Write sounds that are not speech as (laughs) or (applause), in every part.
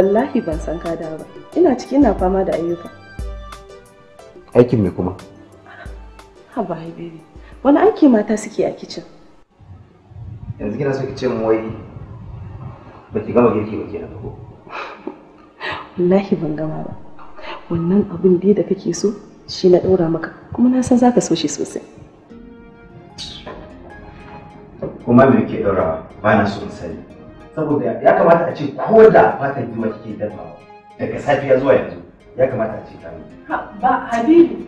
wallahi ban san ka da ba ina ciki ina fama da ayyuka aikin me kuma ha ba baby wani aiki mata suke a kicin yanzu kina so ce mu wai baki gama girki ba kenan ko wallahi ban gama ba wannan abin dai da kake so shi na ɗora maka kuma na san zaka so shi sosai kuma me ke ɗora ba na so in sani saboda ya kamata a ce ko da fatan jima kike dafawa daga safiya zuwa yanzu ya kamata a ce ta ba habibi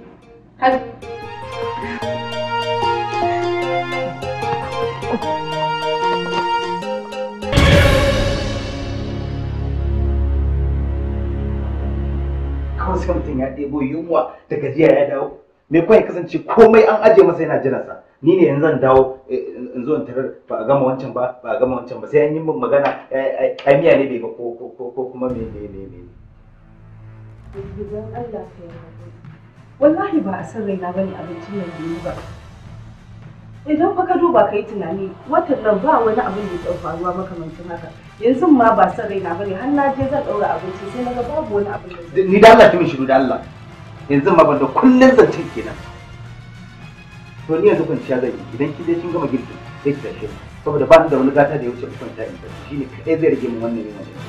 kawai sai mutum ya ɗebo yunwa da gajiya ya dawo me kawai kasance komai an aje masa yana jiransa ni ne yanzu zan dawo eh, in zo in tarar ba a gama wancan ba ba a gama wancan ba sai an yi min magana eh, eh, ai miya ne bai ba ko ko ko kuma me ne ne ne wallahi ba a san raina bane abincin nan biyu ba idan fa ka duba ka yi tunani watan nan ba wani abin da ya taɓa faruwa makamancin haka yanzu ma ba san raina bane har na je zan ɗaura abinci sai na ga babu wani abin da ni da Allah ki min shiru da Allah yanzu ma da kullum zancen kenan to ni yanzu kwanciya zan yi idan kin je kin gama girki sai ki tashi saboda ba ni da wani gata da ya wuce kwanta in tashi shine kadai zai rage min wannan yanayin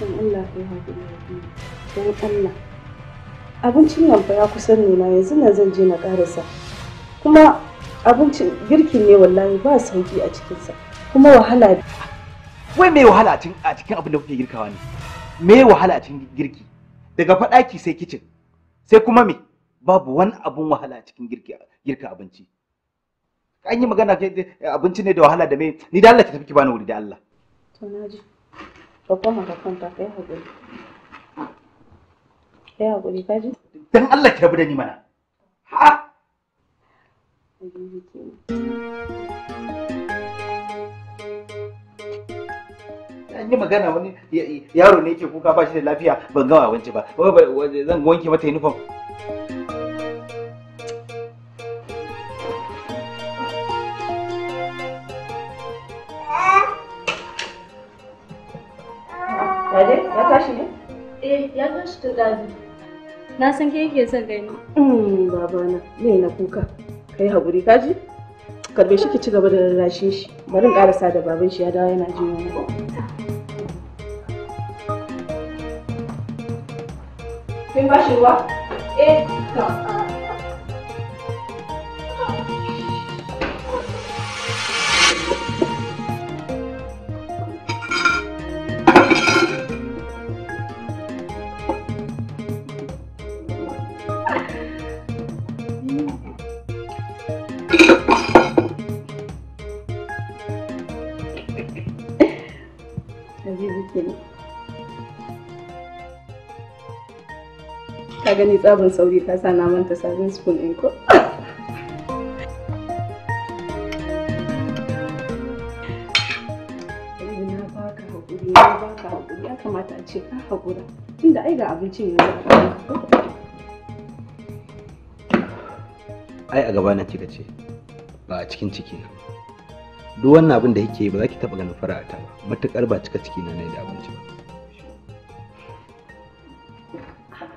dan Allah kai hakuri dan Allah abincin nan fa ya kusan nuna yanzu nan zan je na karasa kuma abincin girkin ne wallahi ba sauki a cikinsa kuma wahala wai mai wahala a cikin abin da kuke girkawa ne mai wahala a cikin girki daga faɗaki sai kicin sai kuma me babu wani abun wahala a cikin girka abinci an yi magana abinci ne da wahala da me ni da Allah ki tafi ki bani wuri da Allah dan Allah ki rabu da ni mana ha Thank you. an yi magana wani yaro ne yake kuka ba shi da lafiya ban gama abinci ba zan wanke mata uniform ya tashi eh, Na san ke yake son gani. Mm, babana, me na kuka? Kai haƙuri, kaji? Karbe shi ki ci gaba da rarrashe shi. Bari in ƙarasa da baban shi ya dawo yana jin yunwa. Kin ba wa? gani tsabin sauri ta sa na manta sabon spoon ɗin ko ya kamata a ce ka haƙura tunda ai ga abincin yanzu a ai a gabana kika ce ba a cikin ciki na duk wannan abin da kike yi ba za ki taɓa ganin fara'ata ba matuƙar ba cika ciki na da abinci ba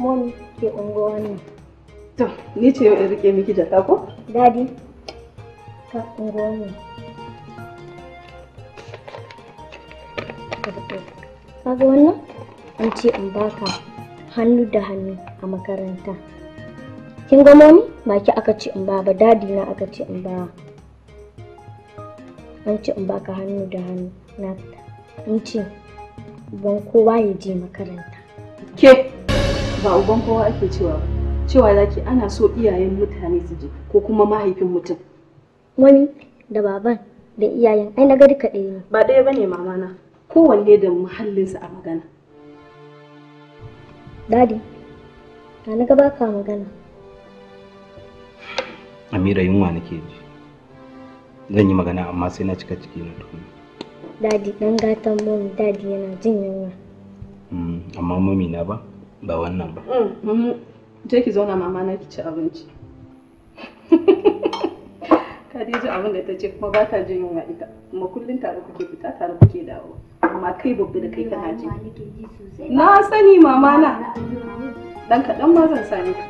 Mun ke unguwa ne. To, ni ce in rike miki jaka ko? Dadi, ka unguwa ne. Kaga wannan? An ce in baka hannu da hannu a makaranta. Kin ga mami? Ba ki aka ce in ba ba, dadi na aka ce in ba. An ce in baka hannu da hannu na An ce ban kowa ya je makaranta. Ke, ba uban kowa ake cewa ba cewa zaki ana so iyayen mutane su ji ko kuma mahaifin mutum wani da baban da iyayen ai na ga duka ɗaya ne ba ɗaya bane mama na kowanne da muhallinsa a magana dadi na na gaba ka magana amira yunwa nake ji zan yi magana amma sai na cika ciki na tukuna dadi dan gatan mom dadi yana jin yunwa mm, amma mami na ba ba wannan ba mm. je ki zauna mama na ki ci abinci (laughs) khadija abin da ta ce kuma ba ta jin yunwa ita kuma kullum tare kuke fita tare kuke dawo amma kai babba da kai kana ji na sani mama na dan kaɗan ma zan sani ka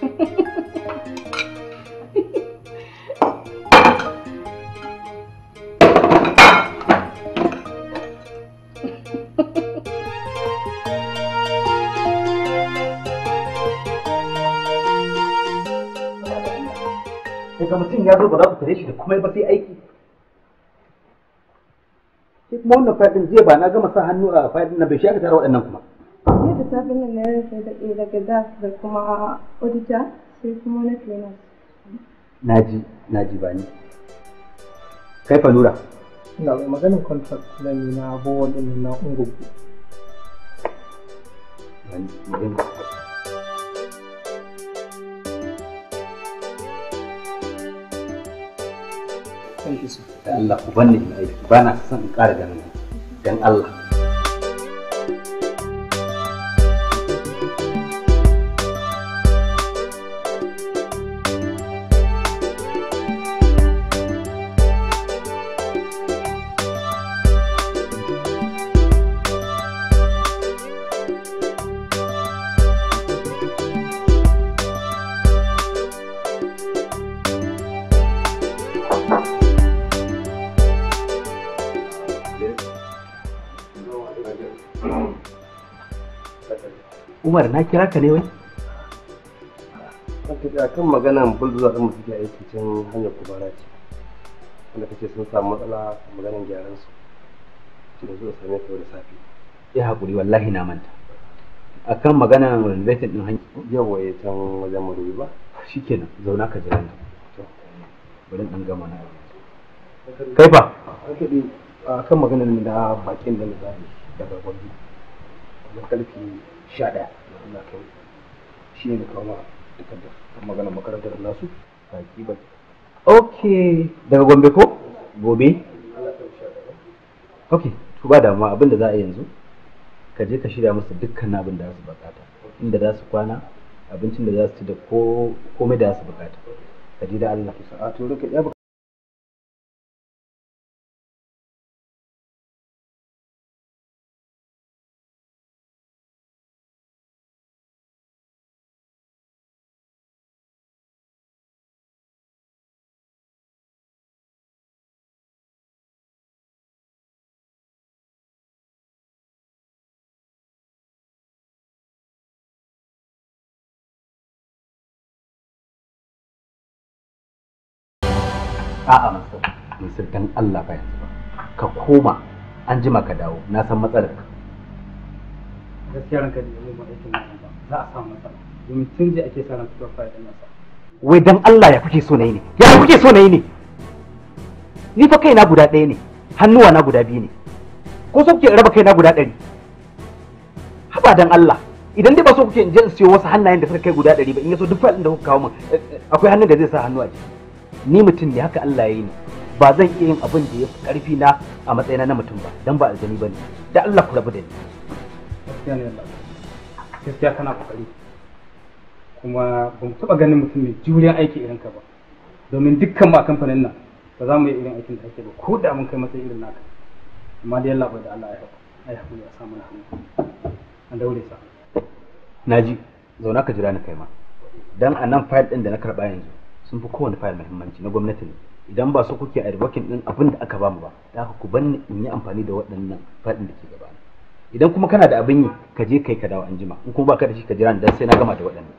(laughs) ga mutum ya zo ba za ku kare shi da kuma ba sai aiki shi kuma wannan faɗin jiya ba na gama sa hannu a faɗin na bai shi aka tara waɗannan kuma ne da tafi nan na rasa da ɗaya daga das da kuma odita sai kuma na kenan naji naji ba ni kai fa lura ina mai maganin contract na ni na board din na ungugu Thank you. son ki su. Allah ku banni in aiki ba na son in ƙara ganin dan Allah. Umar na kira ka ne wai? An tafi akan maganan buldoza ɗin mu suke aiki can hanyar kubara ce. Wanda kace sun samu matsala maganan gyaran su. Ki da zuwa same ka da safi Ya hakuri wallahi na manta. Akan magana renovation ɗin hanyar. yau waye can wajen madubi ba. Shikenan zauna ka jira ni. Bari ɗan gama na. Kai fa? An tafi magana maganan da bakin da na zaɓi daga gwamnati. Wajen ƙarfi sha ɗaya. Allah kai shi ne kawo da takardar ta maganar makarantar nasu baki baki ok daga gombe ko gobe ok to ba damuwa abin da za a yanzu ka je ka shirya musu dukkan abin da su bukata inda za su kwana abincin da za su ci da komai da za su bukata ka ji da Allah ki sa'a to rika a'a Mansur Mansur dan Allah ba yanzu ka koma an ji ka dawo na san matsalar ka gaskiya ranka da yau ba aikin nan ba za a samu matsala domin tun ji ake sa ran fitowar fayar din nasa wai dan Allah ya kuke so na yi ne ya kuke so na yi ne ni fa kaina guda ɗaya ne hannuwa na guda biyu ne ko so kuke raba kaina guda ɗari haba dan Allah idan dai ba so kuke in je in siyo wasu hannayen da suka kai guda ɗari ba in yaso duk faɗin da kuka kawo min eh, eh, akwai hannun da zai sa hannu a ciki ni mutum ne haka Allah ya yi ni ba zan iya yin abin da ya fi karfi na a matsayina na mutum ba dan ba aljani bane da Allah ku rabu da ni gaskiya ne Allah gaskiya kana kokari kuma ba mu taba ganin mutum mai juriyar aiki irin ka ba domin dukkan ma kamfanin nan ba za mu yi irin aikin da ake ba ko da mun kai matsayin irin naka amma dai Allah bai da Allah ya haƙu ai haƙuri ya samu na hannu an daure sa naji zauna ka jira ni kai ma dan a nan fayil din da na karɓa yanzu sun fi kowane fayil mahimmanci na gwamnati ne idan ba su kuke advokin din abin da aka bamu ba da haka ku banni in yi amfani da waɗannan faɗin da ke gaba idan kuma kana da abin yi ka je kai ka dawo an jima in kuma ka da shi ka jira dan sai na gama da waɗannan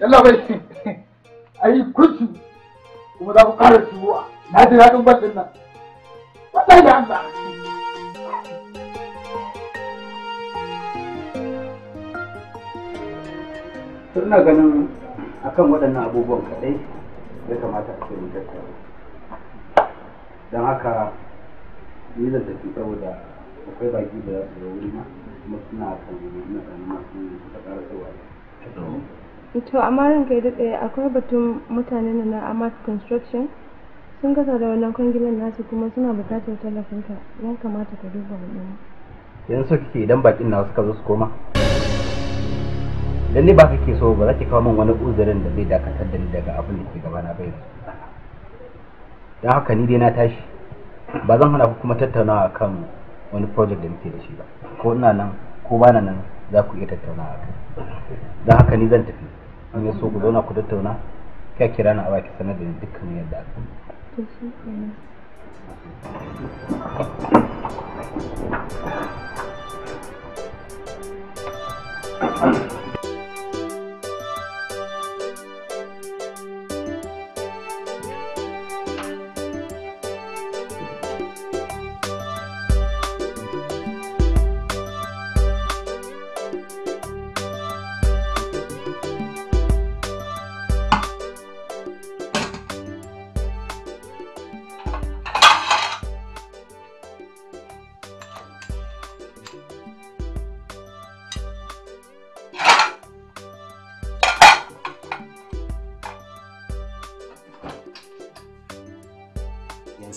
Allah bai yi kurci kuma za ku ƙara ji daɗin gwal ɗin nan wallahi da Allah ina ganin akan waɗannan abubuwan kaɗai ya kamata a cikin tattara don haka ni da tafi saboda akwai baki da za su zo wurina kuma suna kan na ɗan masu suka ƙara tsawa to amma ranka ya daɗe akwai batun mutane na Amat Construction Sun kasa da wannan kwangilan nasu kuma suna buƙatar tallafinka ya kamata ka duba wannan. Yanzu so kike idan bakin nawa suka zo su koma? Dan ni ba kake so ba za ki kawo min wani uzurin da zai dakatar da ni daga abin da ke gabana ba da Don haka ni dai na tashi. Ba zan hana ku kuma tattaunawa kan wani project da muke da shi ba. Ko ina nan ko ba na nan za ku iya tattaunawa a kai. Don haka ni zan tafi. An yi so ku zauna ku tattauna. kai kira na a baki sanar da ni dukkan yadda aka to shi Thank you.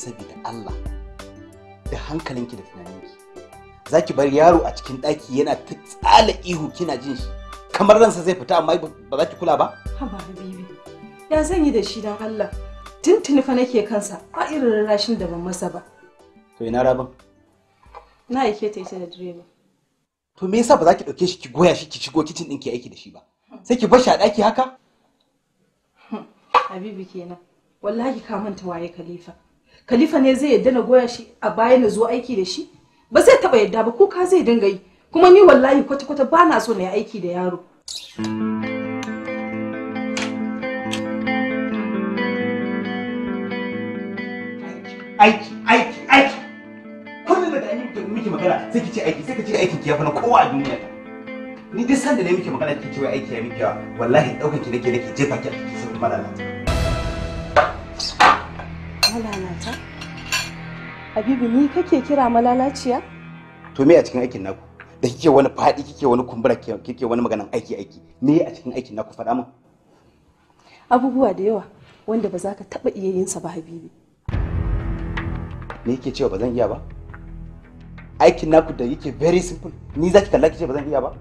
saboda Allah da hankalinki da tunaninki za ki bar yaro a cikin ɗaki yana ta tsala ihu kina jin shi kamar ransa zai fita amma ba za ki kula ba? Haba Habibi, ya zan yi da shi don Allah. Tuntuni fa nake kansa a irin rashin da ban masa ba. To ina rabin? Na aike ta ita da direba. To me yasa ba za ki ɗauke shi ki goya shi ki shigo kicin ɗin ki aiki da shi ba? Sai ki bar shi a ɗaki haka? Habibi kenan. Wallahi ka manta waye Khalifa. khalifa ne zai yadda na goya shi a baya na zo aiki da shi ba zai taba yadda ba kuka zai dinga yi kuma ni wallahi kwata-kwata ba na so na yi aiki da yaro aiki aiki aiki kullum da ni da miki magana sai ki ce aiki sai ki ce aikin ki yafi na kowa a duniya ni duk sanda ne miki magana ki ce aiki ya miki yawa wallahi daukar ki nake nake jefa ki a cikin sabon malala Malalata? Habibu ni kake kira malalaciya? To me a cikin aikin naku? Da kike wani faɗi kike wani kumbura kike wani maganan aiki aiki. Me a cikin aikin naku faɗa min? Abubuwa da yawa wanda ba za ka taɓa iya yin sa ba Habibu. Me yake cewa ba zan iya ba? Aikin naku da yake very simple. Ni za ki kalla ki ce ba zan iya ba?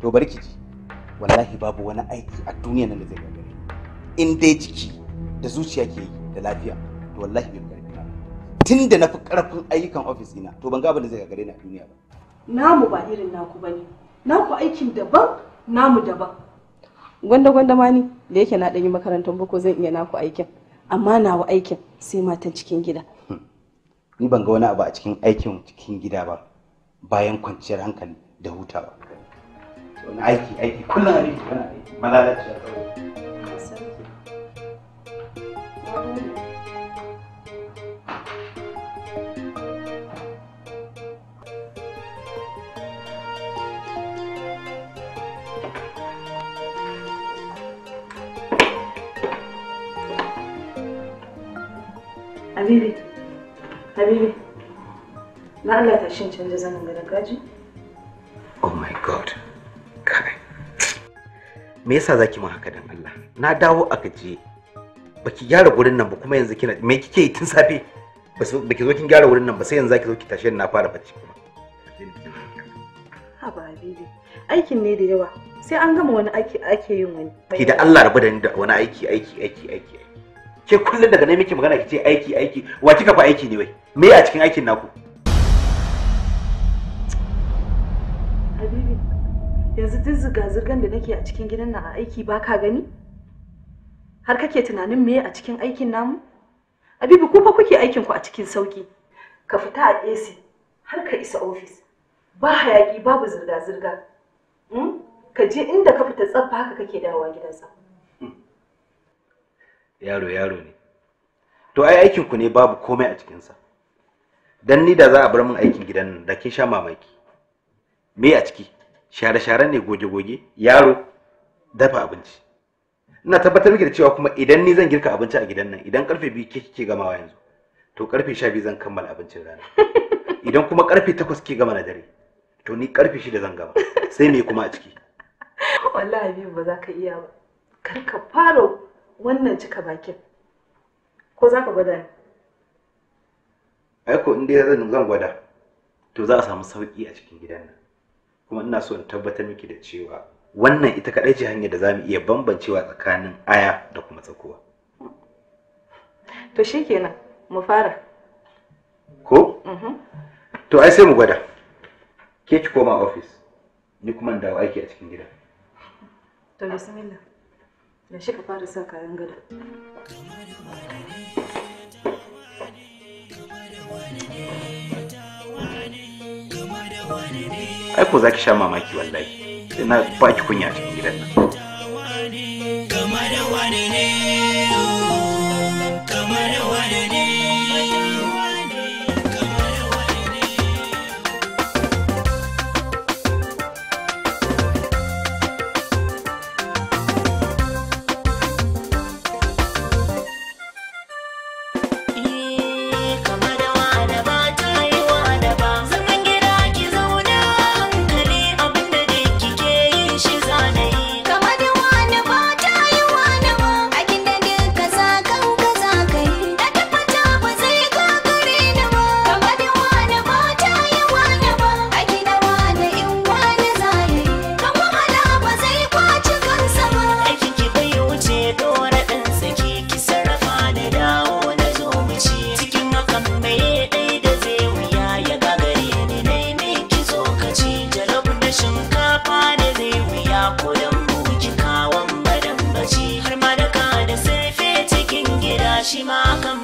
To bari ki ji. Wallahi babu wani aiki a duniya nan da zai gagare. In dai jiki da zuciya ke yi da lafiya to wallahi bai karfi na tun da na fi karfin ayyukan ofis ina to ban ga abin da zai gagare ni a duniya ba namu ba irin naku bane naku aikin daban namu daban gwanda gwanda ma ni da yake na dan yi makarantar boko zan iya naku aikin amma nawa aikin sai matan cikin gida hmm. ni ban ga wani abu a cikin aikin cikin gida ba bayan kwanciyar hankali da hutawa aiki aiki kullum aiki kana aiki malalaciya kawai Habibi, Habibi, na Allah ta shin canza zanen gada kaji? Oh my God, kai. Me yasa zaki mun haka dan Allah? Na dawo a gaje. Baki gyara gurin nan ba kuma yanzu kina me kike yi tun safe? Baki zo kin gyara wurin nan ba sai yanzu zaki zo ki tashi na fara bacci kuma. Haba Habibi, aikin ne da yawa. Sai an gama wani aiki ake yin wani. Ki da Allah rabu da ni da wani aiki aiki aiki aiki. ke kullum daga nemi muke magana ki ce aiki aiki wa kika fa aiki ne wai me a cikin aikin naku Habibi yanzu duk zuga zirgan da nake a cikin gidan nan a aiki ba ka gani har kake tunanin me a cikin aikin namu Habibi ku fa kuke aikin ku a cikin sauki ka fita a AC har ka isa ofis ba hayaki babu zirga-zirga hmm? ka je inda ka fita tsaffa haka kake dawowa gidan yaro yaro ne to ai aikin ku ne babu komai a cikinsa dan ni da za a bar min aikin gidan nan da kin sha mamaki me a ciki share-share ne goge-goge yaro dafa abinci ina tabbatar miki da cewa kuma idan ni zan girka abinci a gidan nan idan karfe biyu ke kike gamawa yanzu to karfe sha biyu zan kammala abincin rana idan kuma karfe takwas ke gama na dare to ni karfe 6 zan gama sai me kuma a ciki (laughs) wallahi ba za ka iya ba kar ka faro. wannan cika bakin ko za ka gwada aiko in dai zan zan gwada to za a samu sauƙi a cikin gidan nan kuma ina so in tabbatar miki da cewa wannan ita kaɗai ce hanyar da za mu iya bambancewa tsakanin aya da kuma tsakuwa to shi kenan mu fara ko mm-hmm. to ai sai mu gwada ke ki koma ofis ni kuma dawo aiki a cikin gida to bismillah Ya shi ka fara sa kayan gado. Ai ko za sha mamaki wallahi. Ina ba ki kunya cikin gidan nan. Kama da wani ne. Hiroshima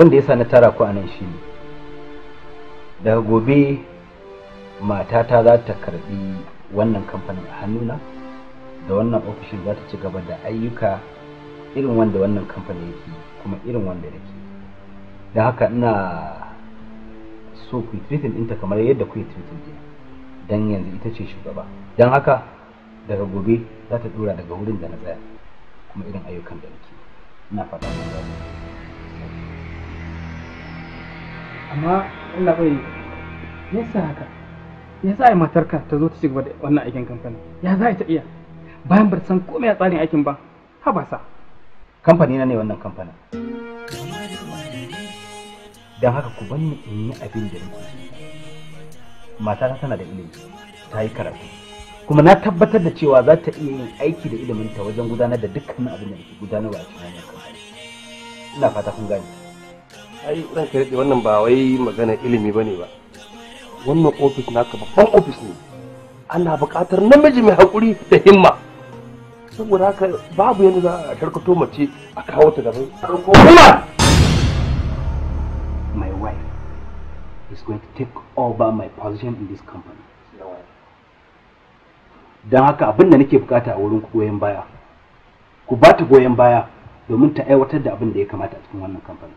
abin da sa na tara ku a nan shi daga gobe matata za ta karbi wannan kamfanin a hannuna da wannan ofishin za ta ci gaba da ayyuka irin wanda wannan kamfanin yake kuma irin wanda yake don haka ina so ku yi ɗinta kamar yadda ku yi treating ɗin don yanzu ita ce shugaba don haka daga gobe za ta dora daga wurin da na tsaya kuma irin ayyukan da nake ina fata mun gano amma Allah bai ya sa haka ya sa matarka ta zo ta ci gaba da wannan aikin kamfani ya za ta iya bayan bar san komai a tsarin aikin ba habasa kamfani na ne wannan kamfanin don haka ku bani in yi abin da nake matata tana da ilimi ta yi karatu kuma na tabbatar da cewa za ta iya yin aiki da ilimin ta wajen gudanar da dukkanin abin da nake gudanarwa a cikin wannan kamfani ina fata kun gane ai ran ka rike wannan ba wai magana ilimi bane ba wannan ofis naka babban ofis ne ana buƙatar namiji mai hakuri da himma saboda haka babu yadda za a tarkato mace a kawo ta gaban kuma my wife is going to take over my position in this company don haka abin da nake bukata a wurin goyon baya ku ba ta goyon baya domin ta aiwatar da abin da ya kamata a cikin wannan kamfanin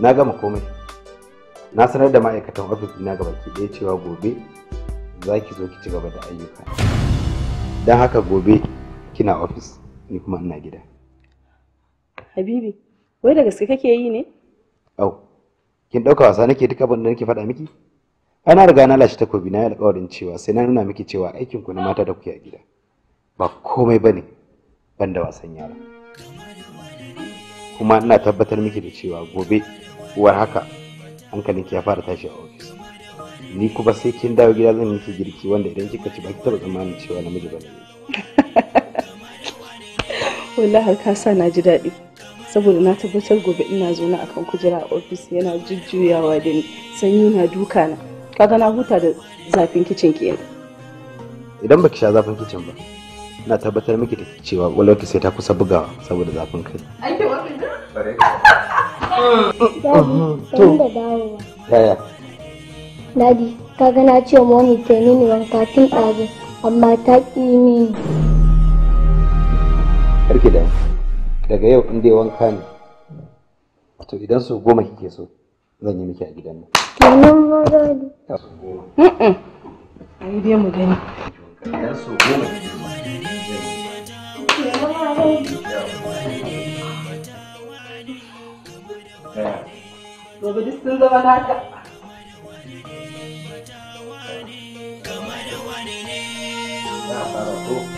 na gama komai na sanar da ma'aikatan ofis ɗina gaba ke ɗaya cewa gobe za ki zo ki ci gaba da ayyuka don haka gobe kina ofis ni kuma ina gida habibi wai da gaske kake yi ne au kin ɗauka wasa nake duka abin da nake faɗa miki ana riga na lashe takobi na yi alƙawarin cewa sai na nuna miki cewa aikin ku na mata da kuke a gida ba komai bane ban da wasan yara kuma ina tabbatar miki da cewa gobe uwar haka hankalinki ya fara tashi a ofis ni kuma sai kin dawo gida zan miki girki wanda idan kika ci baki taba tsammanin cewa namiji ba ne (laughs) wallahi ka sa na ji daɗi saboda na tabbatar gobe ina zo na akan kujera a ofis yana jujjuyawa da ni sanyi na duka na kaga na huta da zafin kicin kenan idan baki sha zafin kicin ba na tabbatar miki da cewa wallahi sai ta kusa bugawa saboda zafin kai Dadi, mm-hmm. ka gana ce wani ta nini wanka katin ɗazu, amma ta ki ni. Karki da daga yau in dai wanka ne, to idan su goma kike so zan yi miki a gidan nan. Kenan ma dadi. Ta su goma. Ayi dai mu gani. Idan su goma kike so. Kenan ma dadi. Gobe duk sun zama naka. Ya fara ko.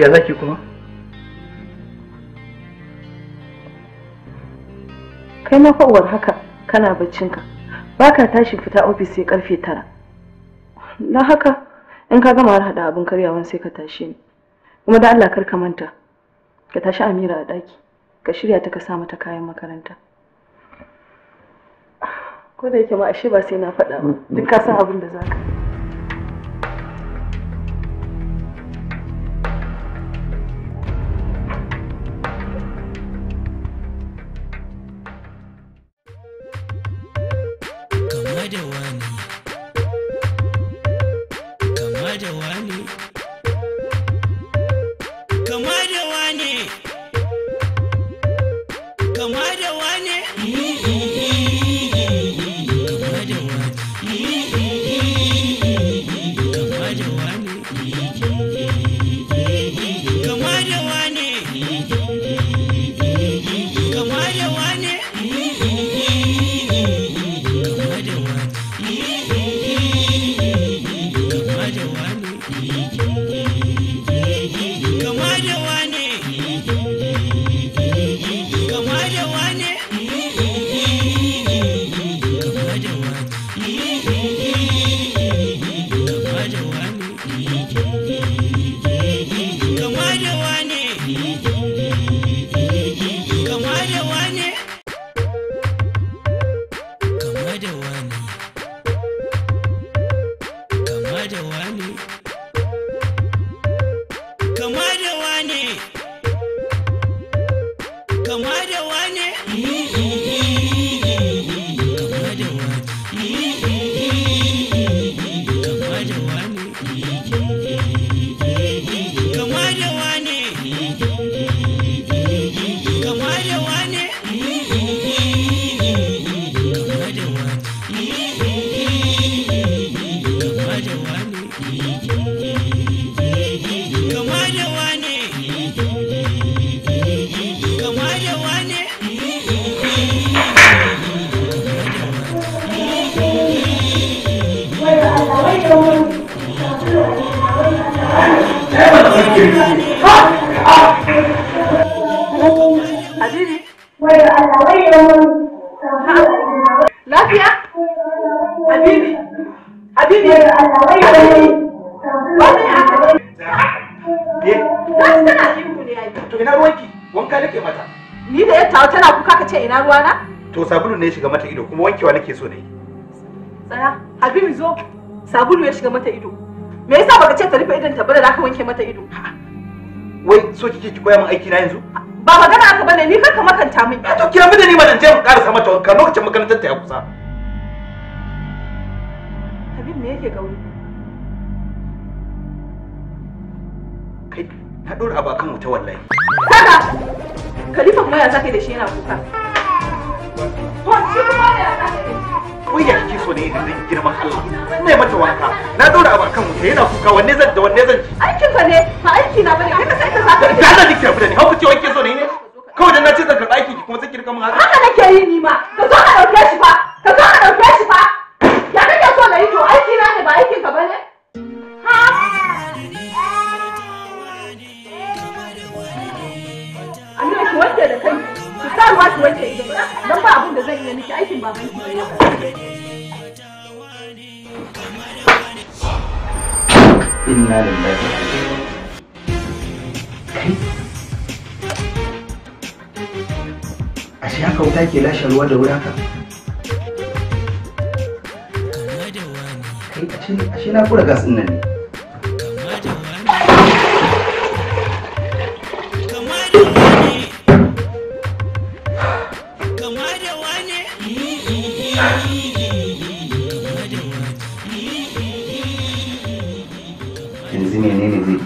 ya zaki kuma kai ma fa'uwar haka kana baccinka ba ka tashi fita ofis sai karfe tara na haka in ka gama har hada abin karyawan sai ka tashi ni kuma da Allah kar ka manta ka tashi Amira a daki ka shirya ta ka sa mata kayan makaranta ko da yake ma ashe ba sai na faɗa ba duk ka san abin da zaka Ni da yatta tana kuka ka ina ruwa na? To sabulu ne ya shiga mata ido kuma wankewa nake so na yi. Tsaya, Habibu zo. Sabulu ya shiga mata ido. Me yasa baka ce ta rufe idon ta bada ka wanke mata ido? Wai so kike ki koya min aiki na yanzu? Ba magana aka bane ni kar ka makanta min. Eh, to kira mu da ni madan je mu karasa mata wanka lokacin makarantar ta ya kusa. habibu me yake gauri? Kai ta dora abu akan wuta wallahi saka kalifan kuma ya sake da shi yana kuka to shi kuma ya sake da shi wai ya kike so ne idan zan girma Allah ne mata wanka na dora abu akan wuta yana kuka wanne zan da wanne zan ci aikin ka ne ba aiki na bane kai ka sai ka da Allah dike abu da ni hauka ce wai kike so ne ne kawai dan na ce zan karɓa aiki ki kuma sai kirka mun haka haka nake yi ni ma ka zo ka dauke shi fa ka zo ka dauke shi fa ya kake so na yi to aiki na ne ba aikin ka bane wanke da kai ki sa ruwa ki wanke idan don ba abin da zan iya miki aikin baban ki ne inna lillahi ashe haka wuta ke lashe ruwa da wuri haka kai shi na kura gas ɗin nan ne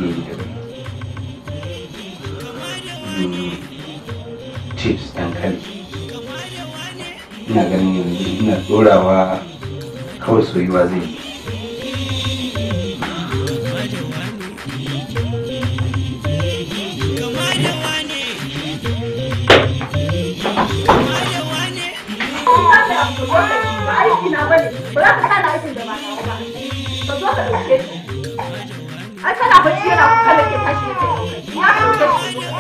Mm. tips dan kai ina ganin yanzu ina dorawa kawai soyuwa zai yi an tana yana kallon ya tashi ya ce ya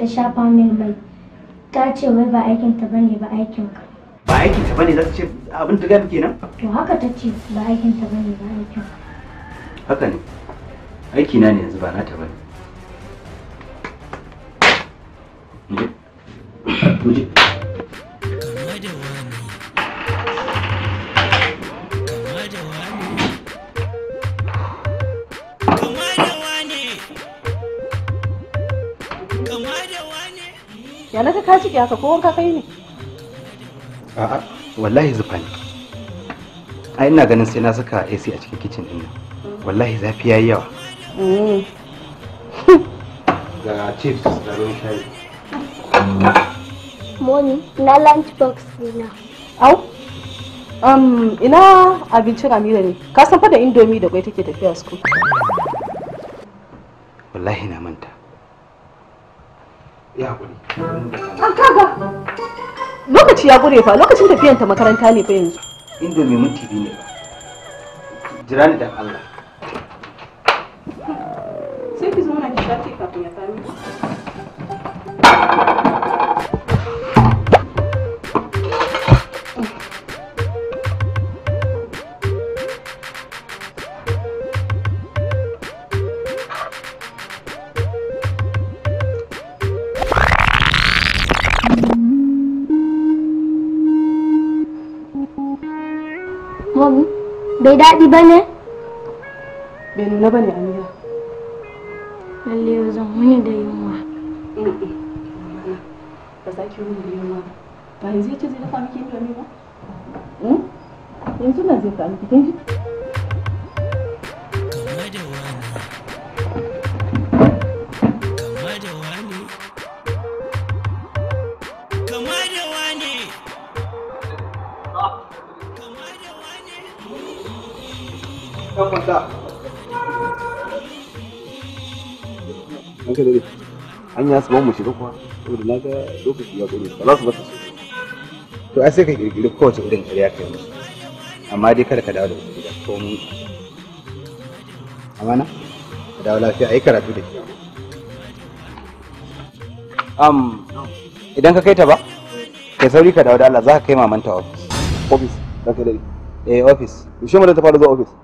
ta shafa min mai ta ce wai ba aikin ta bane ba aikin ka ba aikin ta bane za ta ce abin da gami kenan to haka ta ce ba aikin ta bane ba aikin haka ne aiki na ne yanzu ba na ta bane Thank you. ya na ka ciki haka ko wanka kai ne a'a wallahi zufa ne a ina ganin sai na saka AC a cikin kicin din nan wallahi zafi yayi yawa hmm. ga chips da ruwan shayi Moni, na lunch box dina. Au, um, ina abincin Amira ne. Ka san fa da indomie da kwai take tafiya su. Wallahi na manta. ya hakuri an ah, kaga lokaci ya gure fa lokacin tafiyan ta makaranta ne fa yanzu inda mai minti ne ba jira ni dan Allah bai daɗi ba ne? bai nuna ba ne amira lalle yau zan wani da yunwa eh, eh. ba za ki wuni da yunwa ba yanzu ya ce zai dafa miki indomi ba hmm? yanzu na zai ka miki kin ya su ban mu shiga kuwa saboda na ga lokaci ya ƙure ba za su baka su to ai sai ka kirkiri kowace irin ƙarya kai musu amma dai kada ka dawo da wasu gida to mun amana ka dawo lafiya ai karatu da kyau am idan ka kai ta ba kai sauri ka dawo da Allah za ka kai maman ta office office za ka dai eh office yaushe mu da ta fara zuwa office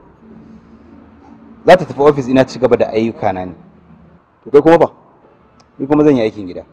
za ta tafi office ina ci gaba da ayyuka na ne to kai kuma ba ni kuma zan yi aikin gida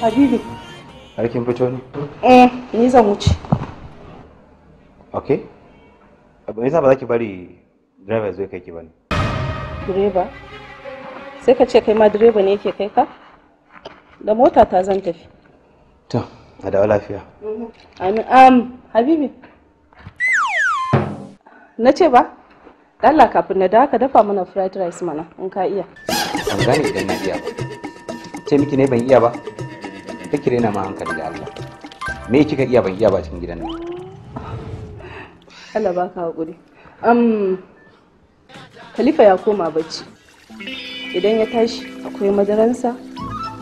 Habibi. Har kin fito ne? Eh, ni zan wuce. Okay. Abu ne ba za ki bari driver zai kai ki bane. Direba? Sai ka ce kai ma direba ne yake kai ka? Da mota ta zan tafi. To, a dawo lafiya. Mhm. Amin. Um, Habibi. Na ce ba? Allah kafin na dawo ka dafa mana fried rice mana in ka iya. an gane idan na iya ba. Ce miki ne ban iya ba. kake rena ma hankali da Allah me kika iya ban iya ba cikin gidan nan Allah baka hakuri um Khalifa ya koma bacci idan ya tashi akwai madaransa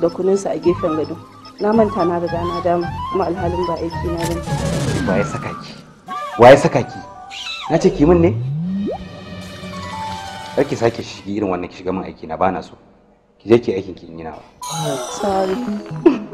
da kununsa a gefen gado na manta na riga na dama kuma alhalin ba aiki na ba waye saka ki waye saka ki na ce ki min ne kar ki sake shigi irin wannan ki shiga min aiki na bana so ki je ki aikin ki in yi nawa sorry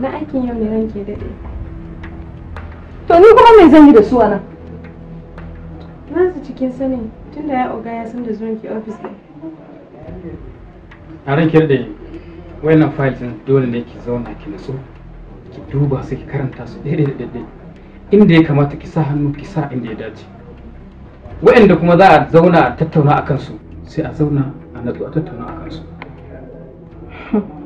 na aikin yau ne ranke daɗe to ni kuma me zan yi da su anan na su cikin sanin tunda ya oga ya san da zuwan ke ofis ɗin a ranke da wayannan files din dole ne ki zauna ki naso ki duba su ki karanta su daidai da daidai inda ya kamata ki sa hannu ki sa inda ya dace wayanda kuma za a zauna a tattauna a kansu, sai a zauna a natsu a tattauna a kansu. (laughs)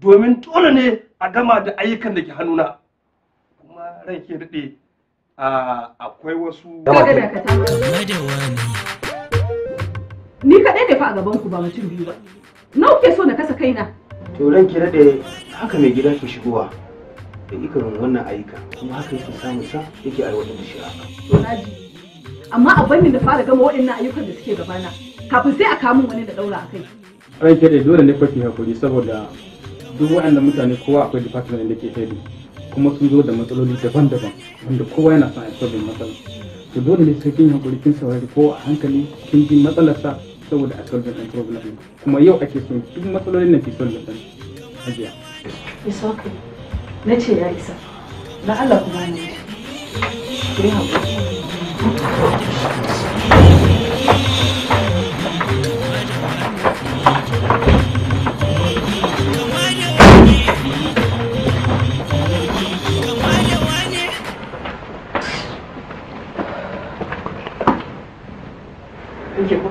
domin tona ne a gama da ayyukan da ke hannuna kuma ran ke daɗe akwai wasu ni kaɗai ne fa a gaban ku ba mutum biyu ba nawa ke so na kasa kaina to ran ke daɗe haka mai gida ke shigowa da ikarin wannan ayyuka kuma haka yake samun sa yake aiwatar da shi haka amma a banni da fara gama waɗannan ayyukan da suke gabana kafin sai a kamun wani da ɗaura a kai. Ranke daɗe dole ne kwafi hakuri saboda duk waɗanda mutane kowa akwai department da ke hedu kuma sun zo da matsaloli daban-daban wanda kowa yana son aiki da matsala to dole ne sai kin hakuri kin saurari ko a hankali kin ji matsalarsa saboda a solve ɗan problem kuma yau ake son duk matsalolin da ke solve ɗan ajiya. isa ku na ce ya isa na Allah kuma ne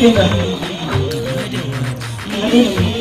真的。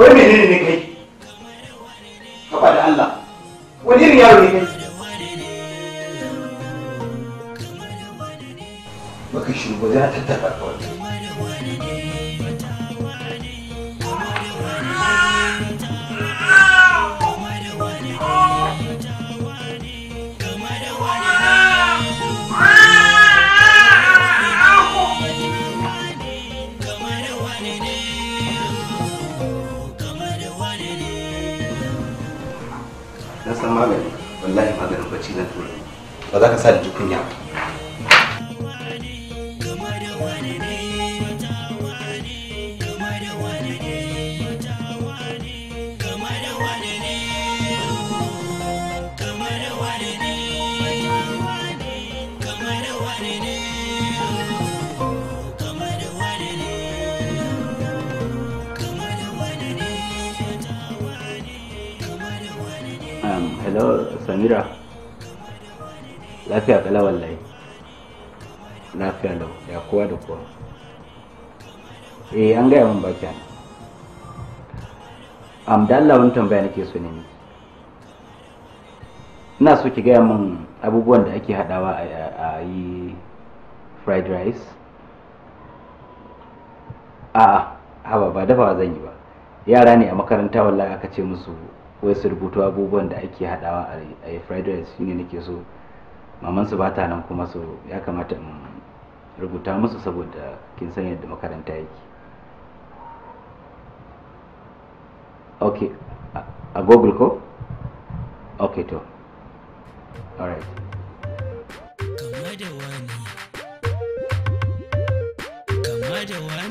wai menene ne kai kafa da Allah wani irin yaro ne kai baka shi ba za ta tabbata magani wallahi maganin bacci na tura ba za ka sa da ji samira lafiya kala wallahi lafiya lau ya kowa da kowa eh an gaya min baki ana am da Allah wani tambaya nake so ne ina so ki gaya min abubuwan da ake hadawa a yi fried rice a'a haba ba dafawa zan yi ba yara ne a makaranta wallahi aka ce musu wai su rubutu abubuwan da ake haɗawa a yi fried rice shine nake so mamansu ba ta nan kuma su ya kamata in rubuta musu saboda kin san yadda makaranta yake ok a google ko ok to alright kama da wani kama da wani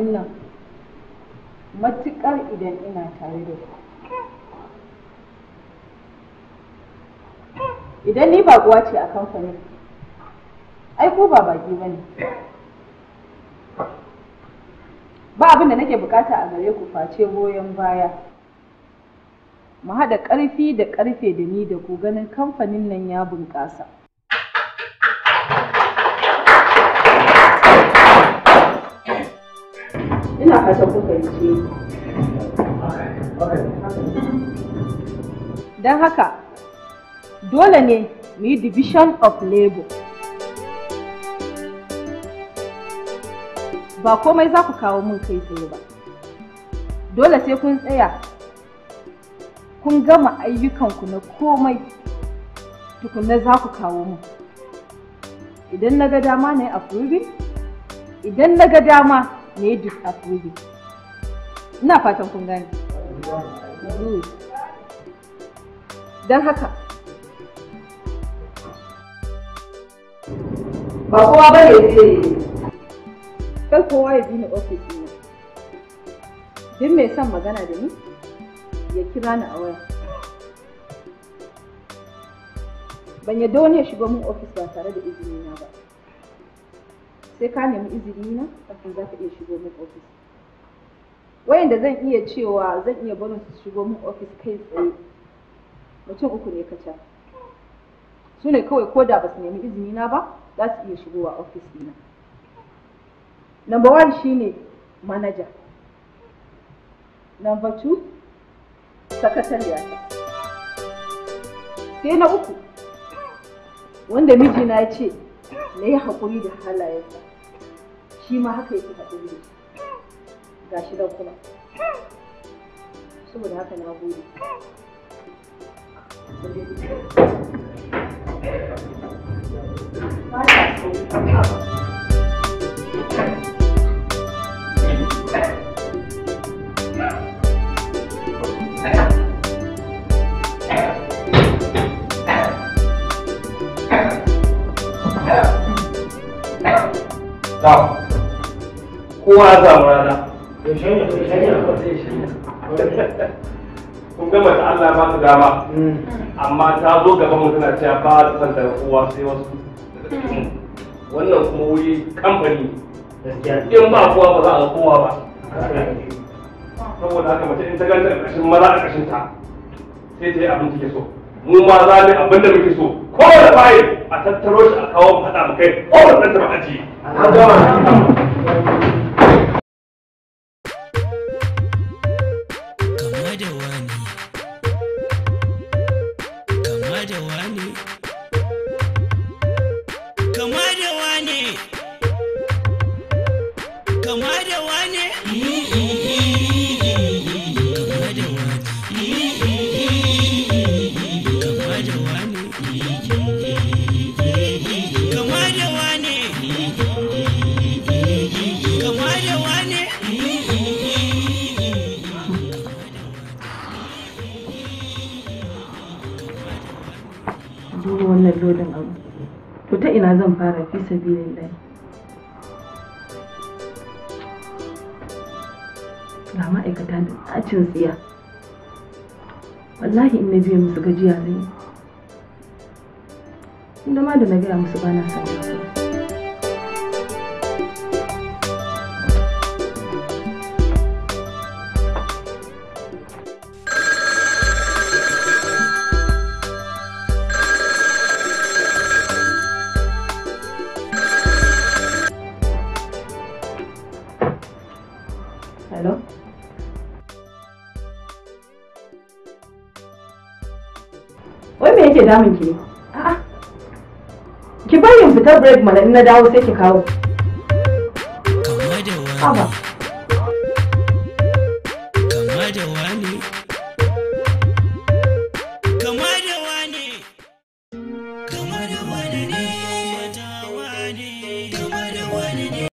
nan matuƙar idan ina tare da ku idan ni baƙuwa ce a kamfanin ai ko ba baki ba ne ba abin da nake bukata a gare ku face goyon baya mu haɗa ƙarfi da ƙarfe da ni da ku ganin kamfanin nan ya bunƙasa ina fatan don haka dole ne mu yi division of labor ba komai za ku kawo mun kai tsaye ba dole sai kun tsaya kun gama ayyukanku na komai tukunna za ku kawo mun idan na ga dama na yi idan na ga dama na yi duk disapproving ina fatan kun gani hmm. don haka ba kowa ba ne zai kar kowa ya bi ni ofis ne duk mai son magana da ni ya kira ni a waya ban yadda wani ya shiga mun ofis ba tare da izini na ba sai ka nemi izini na kafin za ka iya shigo min ofis wayanda zan iya cewa zan iya barin su shigo min ofis kai tsaye mutum uku ne ca su ne kawai ko da ba su nemi izini na ba za su iya shigowa ofis ɗina number one shine manaja number two sakatariya sai na uku wanda mijina ya ce na yi haƙuri da halayensa shi ma haka yake haɗe ne ga shi da kuma saboda haka na gode Tchau. kowa za mu rana kun gama ta Allah ba su dama hmm. amma ta zo gaba mu tana cewa ba ta san da kowa sai wasu wannan kuma wuri kamfani in ba kowa ba za a ga kowa ba saboda haka mace in ta ganta ƙarshen maza a ƙarshen ta sai ta yi abin take so mu ma za mu abin da muke so ko da fayi a tattaro shi a kawo mu haɗa mu kai ko da tsanta ba na biya musu gajiya ne. Inda ma da na gaya musu ba na son ke damun ki ne a'a ki bari in fitar break mana in na dawo sai ki kawo wani.